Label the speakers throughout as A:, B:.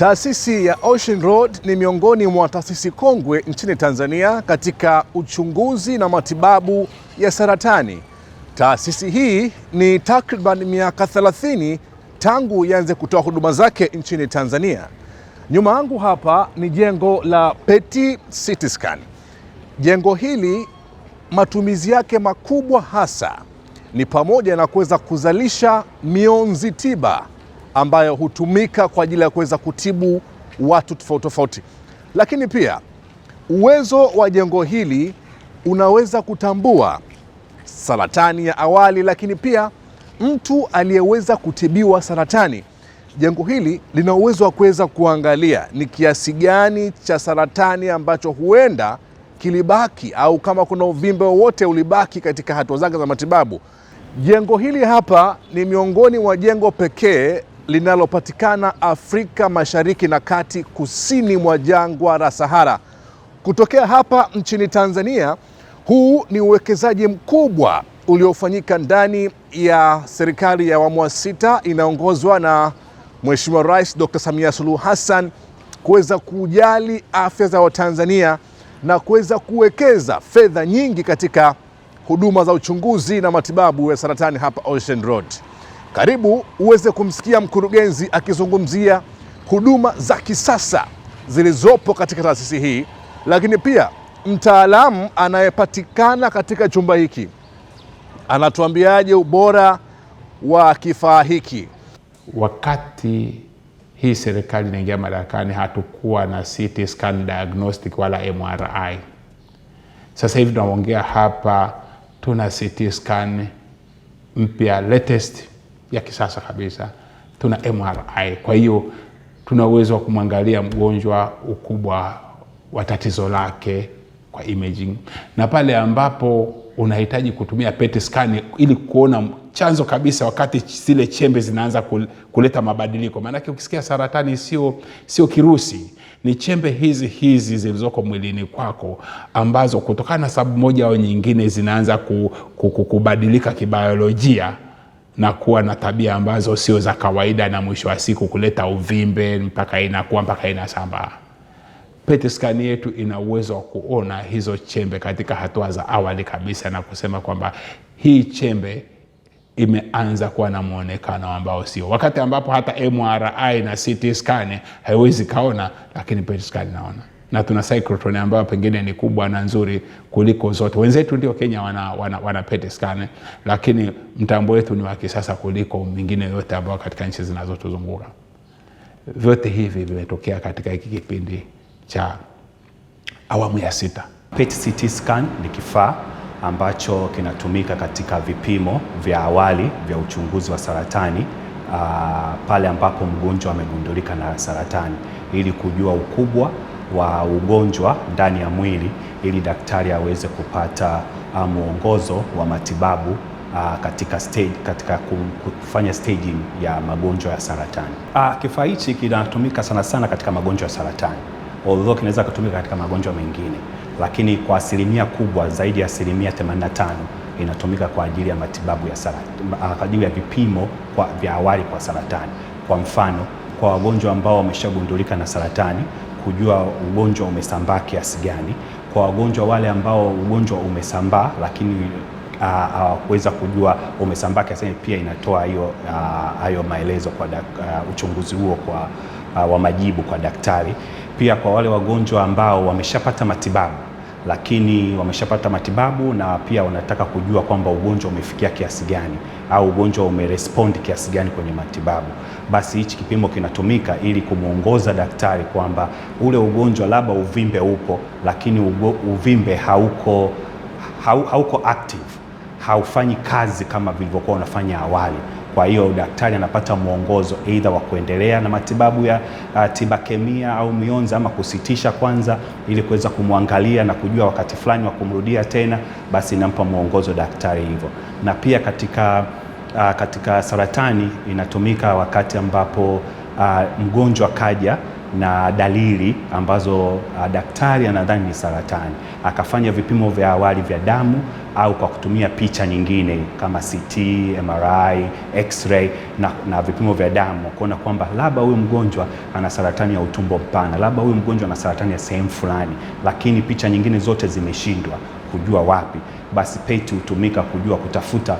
A: Taasisi ya Ocean Road ni miongoni mwa taasisi kongwe nchini Tanzania katika uchunguzi na matibabu ya saratani. Taasisi hii ni takriban miaka 30 tangu ianze kutoa huduma zake nchini Tanzania. Nyuma yangu hapa ni jengo la PET CT Scan. Jengo hili matumizi yake makubwa hasa ni pamoja na kuweza kuzalisha mionzi tiba ambayo hutumika kwa ajili ya kuweza kutibu watu tofauti tofauti, lakini pia uwezo wa jengo hili unaweza kutambua saratani ya awali, lakini pia mtu aliyeweza kutibiwa saratani. Jengo hili lina uwezo wa kuweza kuangalia ni kiasi gani cha saratani ambacho huenda kilibaki au kama kuna uvimbe wowote ulibaki katika hatua zake za matibabu. Jengo hili hapa ni miongoni mwa jengo pekee linalopatikana Afrika Mashariki na Kati, kusini mwa jangwa la Sahara. Kutokea hapa nchini Tanzania, huu ni uwekezaji mkubwa uliofanyika ndani ya serikali ya awamu ya sita inaongozwa na Mheshimiwa Rais Dr. Samia Suluhu Hassan kuweza kujali afya za Watanzania na kuweza kuwekeza fedha nyingi katika huduma za uchunguzi na matibabu ya saratani hapa Ocean Road. Karibu uweze kumsikia mkurugenzi akizungumzia huduma za kisasa zilizopo katika taasisi hii, lakini pia mtaalamu anayepatikana katika chumba hiki anatuambiaje ubora wa kifaa hiki.
B: Wakati hii serikali inaingia madarakani, hatukuwa na CT scan diagnostic wala MRI. Sasa hivi tunaongea hapa, tuna CT scan mpya latest ya kisasa kabisa, tuna MRI. Kwa hiyo tuna uwezo wa kumwangalia mgonjwa ukubwa wa tatizo lake kwa imaging, na pale ambapo unahitaji kutumia PET scan ili kuona chanzo kabisa, wakati zile chembe zinaanza kuleta mabadiliko. Maanake ukisikia saratani, sio sio kirusi, ni chembe hizi hizi zilizoko mwilini kwako ambazo kutokana na sababu moja au nyingine zinaanza kubadilika kibayolojia na kuwa na tabia ambazo sio za kawaida, na mwisho wa siku kuleta uvimbe mpaka inakuwa mpaka inasambaa. PET scan yetu ina uwezo wa kuona hizo chembe katika hatua za awali kabisa na kusema kwamba hii chembe imeanza kuwa na mwonekano ambao sio, wakati ambapo hata MRI na CT scan haiwezi kaona, lakini PET scan inaona na tuna cyclotron ambayo pengine ni kubwa na nzuri kuliko zote. Wenzetu ndio Kenya wana, wana, wana PET scan, lakini mtambo wetu ni wa kisasa kuliko mingine yote ambayo katika nchi zinazotuzunguka. Vyote hivi vimetokea katika hiki kipindi cha awamu ya sita.
C: PET CT scan ni kifaa ambacho kinatumika katika vipimo vya awali vya uchunguzi wa saratani uh, pale ambapo mgonjwa amegundulika na saratani ili kujua ukubwa wa ugonjwa ndani ya mwili ili daktari aweze kupata ah, mwongozo wa matibabu uh, katika stage, katika kufanya staging ya magonjwa ya saratani. Ah, kifaa hichi kinatumika sana sana katika magonjwa ya saratani, although kinaweza kutumika katika magonjwa mengine, lakini kwa asilimia kubwa zaidi ya asilimia 85 inatumika kwa ajili ya matibabu ya saratani, kwa ajili ya vipimo vya awali kwa saratani. Kwa mfano, kwa wagonjwa ambao wameshagundulika na saratani kujua ugonjwa umesambaa kiasi gani. Kwa wagonjwa wale ambao ugonjwa umesambaa lakini ah, hawakuweza uh, uh, kujua umesambaa kiasi gani, pia inatoa hiyo ah, hayo uh, maelezo kwa dak, uh, uchunguzi huo kwa uh, wa majibu kwa daktari. Pia kwa wale wagonjwa ambao wameshapata matibabu lakini wameshapata matibabu na pia wanataka kujua kwamba ugonjwa umefikia kiasi gani au ugonjwa umerespond kiasi gani kwenye matibabu. Basi hichi kipimo kinatumika ili kumwongoza daktari kwamba ule ugonjwa labda uvimbe upo, lakini ugo, uvimbe hauko, hau, hauko active haufanyi kazi kama vilivyokuwa unafanya awali. Kwa hiyo daktari anapata mwongozo aidha wa kuendelea na matibabu ya uh, tibakemia au mionzi ama kusitisha kwanza, ili kuweza kumwangalia na kujua wakati fulani wa kumrudia tena, basi inampa mwongozo daktari hivyo. Na pia katika, uh, katika saratani inatumika wakati ambapo uh, mgonjwa kaja na dalili ambazo uh, daktari anadhani ni saratani, akafanya vipimo vya awali vya damu au kwa kutumia picha nyingine kama CT, MRI, X-ray na, na vipimo vya damu kuona kwamba labda huyu mgonjwa ana saratani ya utumbo mpana, labda huyu mgonjwa ana saratani ya sehemu fulani, lakini picha nyingine zote zimeshindwa kujua wapi. Basi PET hutumika kujua kutafuta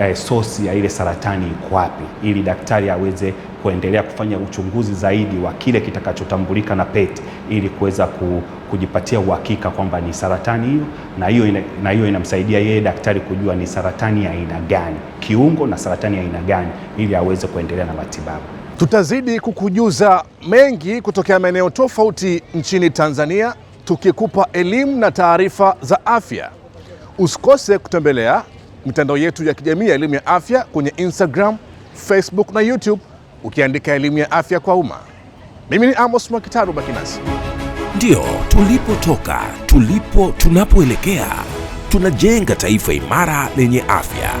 C: eh, sosi ya ile saratani iko wapi, ili daktari aweze kuendelea kufanya uchunguzi zaidi wa kile kitakachotambulika na PET ili kuweza ku, kujipatia uhakika kwamba ni saratani hiyo, na hiyo na hiyo inamsaidia yeye daktari kujua ni saratani ya aina gani kiungo na saratani ya aina gani, ili aweze kuendelea na matibabu.
A: Tutazidi kukujuza mengi kutokea maeneo tofauti nchini Tanzania tukikupa elimu na taarifa za afya. Usikose kutembelea mitandao yetu ya kijamii ya elimu ya afya kwenye Instagram, Facebook na YouTube ukiandika elimu ya afya kwa umma. Mimi ni Amos Mwakitaru Bakinasi. Ndio tulipotoka, tulipo, tunapoelekea, tunajenga taifa imara lenye afya.